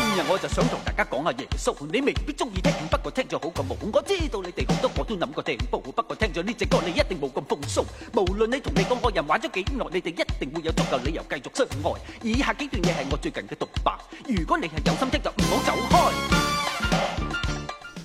今日、嗯、我就想同大家講下耶穌，你未必中意聽，聽，不過聽咗好過冇。我知道你哋好多我都諗過聽，不過聽咗呢隻歌，你一定冇咁風騷。無論你同你嗰個人玩咗幾耐，你哋一定會有足夠理由繼續相愛。以下幾段嘢係我最近嘅獨白，如果你係有心聽就唔好走開。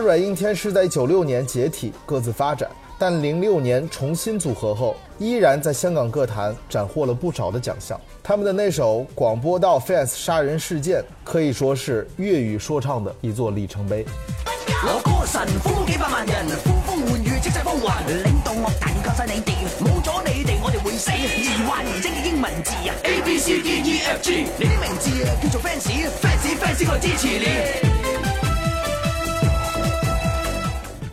軟硬 天師在九六年解體各自發展但零六年重新組合後依然在香港歌壇斬獲了不少的獎項他們的那首廣播道《fans 殺人事件》可以說是粵語說唱的一座里程碑我歌神風,風幾百萬人風風喚雨即風雲領導我，莫大晒你哋冇咗你哋我哋會死患而患人精嘅英文字啊 abcdefg、e, 你啲名字叫做 fans fans fans 我支持你